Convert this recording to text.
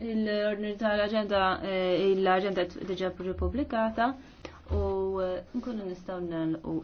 Il-ordni tal-agenda, eh, l-agenda diġa republikata u eh, nkunu nistaw u